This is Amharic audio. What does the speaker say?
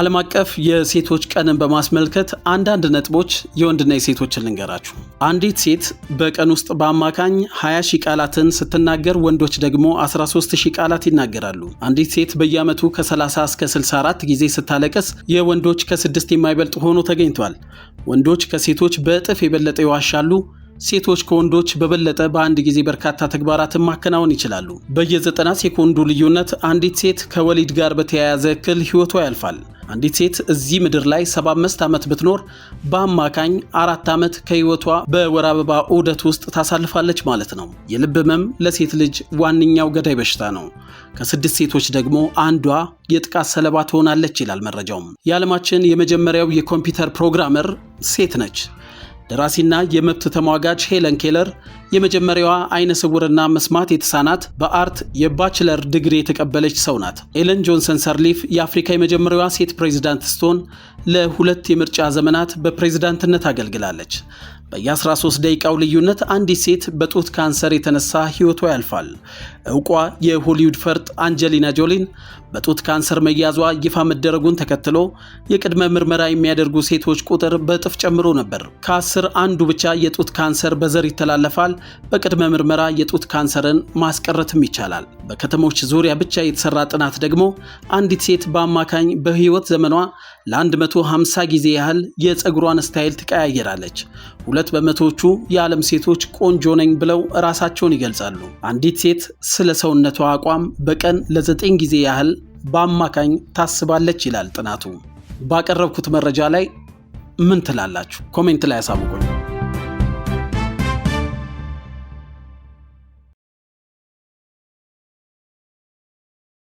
ዓለም አቀፍ የሴቶች ቀንን በማስመልከት አንዳንድ ነጥቦች የወንድና የሴቶችን ልንገራችሁ። አንዲት ሴት በቀን ውስጥ በአማካኝ 20 ሺህ ቃላትን ስትናገር ወንዶች ደግሞ 13 ሺህ ቃላት ይናገራሉ። አንዲት ሴት በየዓመቱ ከ30 እስከ 64 ጊዜ ስታለቀስ የወንዶች ከስድስት የማይበልጥ ሆኖ ተገኝቷል። ወንዶች ከሴቶች በእጥፍ የበለጠ ይዋሻሉ። ሴቶች ከወንዶች በበለጠ በአንድ ጊዜ በርካታ ተግባራትን ማከናወን ይችላሉ። በየዘጠና ሴኮንዱ ልዩነት አንዲት ሴት ከወሊድ ጋር በተያያዘ እክል ህይወቷ ያልፋል። አንዲት ሴት እዚህ ምድር ላይ 75 ዓመት ብትኖር በአማካኝ አራት ዓመት ከህይወቷ በወር አበባ ዑደት ውስጥ ታሳልፋለች ማለት ነው። የልብ ህመም ለሴት ልጅ ዋነኛው ገዳይ በሽታ ነው። ከስድስት ሴቶች ደግሞ አንዷ የጥቃት ሰለባ ትሆናለች ይላል መረጃውም። የዓለማችን የመጀመሪያው የኮምፒውተር ፕሮግራመር ሴት ነች። ደራሲና የመብት ተሟጋች ሄለን ኬለር የመጀመሪያዋ አይነ ስውርና መስማት የተሳናት በአርት የባችለር ድግሪ የተቀበለች ሰው ናት። ኤለን ጆንሰን ሰርሊፍ የአፍሪካ የመጀመሪያዋ ሴት ፕሬዚዳንት ስትሆን ለሁለት የምርጫ ዘመናት በፕሬዝዳንትነት አገልግላለች። በየ13 ደቂቃው ልዩነት አንዲት ሴት በጡት ካንሰር የተነሳ ሕይወቷ ያልፋል። እውቋ የሆሊውድ ፈርጥ አንጀሊና ጆሊን በጡት ካንሰር መያዟ ይፋ መደረጉን ተከትሎ የቅድመ ምርመራ የሚያደርጉ ሴቶች ቁጥር በእጥፍ ጨምሮ ነበር። ከአስር አንዱ ብቻ የጡት ካንሰር በዘር ይተላለፋል። በቅድመ ምርመራ የጡት ካንሰርን ማስቀረትም ይቻላል። በከተሞች ዙሪያ ብቻ የተሰራ ጥናት ደግሞ አንዲት ሴት በአማካኝ በህይወት ዘመኗ ለ150 ጊዜ ያህል የፀጉሯን ስታይል ትቀያየራለች። ሁለት በመቶዎቹ የዓለም ሴቶች ቆንጆ ነኝ ብለው ራሳቸውን ይገልጻሉ። አንዲት ሴት ስለ ሰውነቷ አቋም በቀን ለዘጠኝ ጊዜ ያህል በአማካኝ ታስባለች ይላል ጥናቱ። ባቀረብኩት መረጃ ላይ ምን ትላላችሁ? ኮሜንት ላይ አሳውቁኝ።